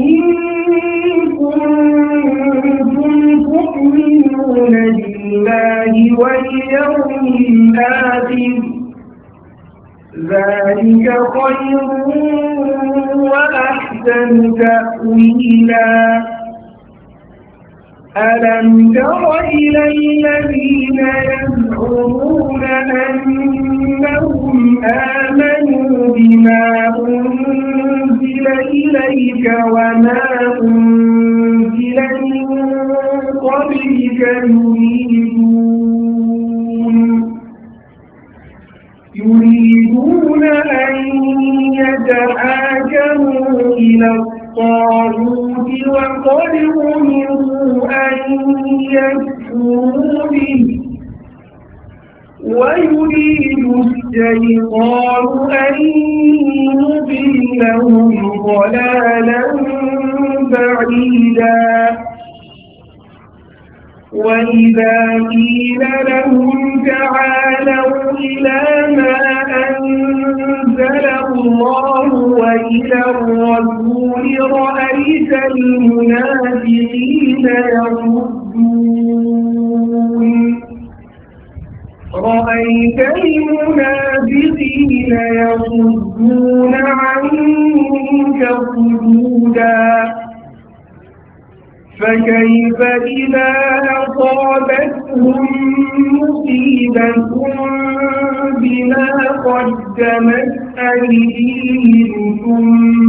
إن كنتم تؤمنون بالله واليوم الآخر ذلك خير وأحسن تأويلا ألم تر إلى الذين يزعمون أنهم آمنوا بما أنزل قبلك وما أنزل من قبلك يريدون يريدون أن يتحاكموا إلى الطاغوت وقد أمروا أن يكفروا به ويريد الشيطان أن يضلهم ضلالا بعيدا وإذا قيل لهم تعالوا إلى ما أنزل الله وإلى الرسول رأيت المنافقين يصدون رأيت المنافقين صدودا فكيف إذا أصابتهم مصيبة بما قدمت أيديهم ثم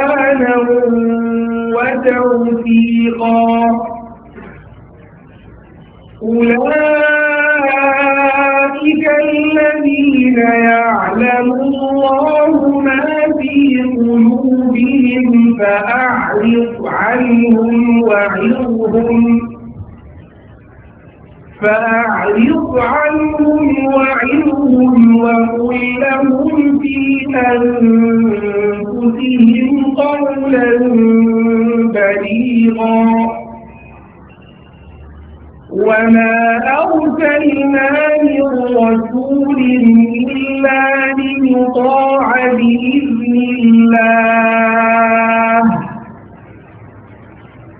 قرآنا وتوفيقا أولئك الذين يعلم الله ما في قلوبهم فأعرض عنهم وعظهم فأعرض عنهم وعظهم وقل لهم في أنفسهم رسولا بليغا وما أرسلنا من رسول إلا ليطاع بإذن الله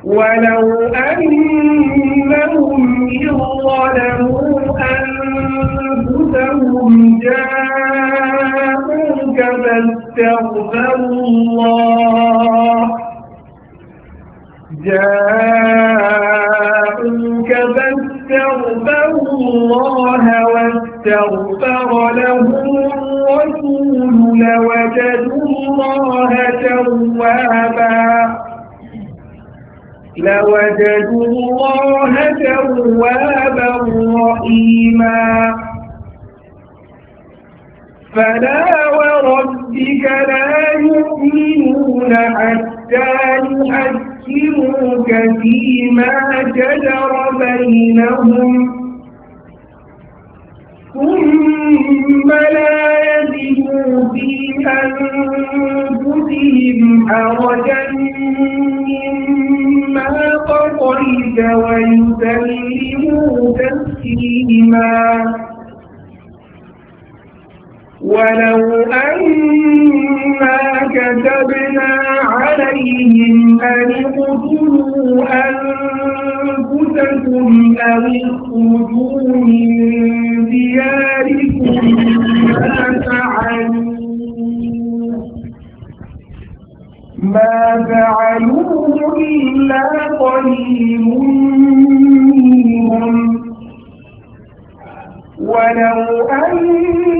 ولو أنهم إن ظلموا أنفسهم جاءوا فاستغفروا الله جاءوك فاستغفروا الله واستغفر لهم الرسول لوجدوا الله توابا لوجدوا الله توابا رحيما فلا وربك لا يؤمنون حتى يحكموك فيما جدر بينهم ثم لا يجدوا في أنفسهم حرجا مما قضيت ويسلموا تسليما ولو أنا كتبنا عليهم أن اقتلوا أنفسكم أو اخرجوا من دياركم ما فعلوا ما فعلوه إلا قليل منهم ولو أن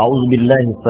أعوذ بالله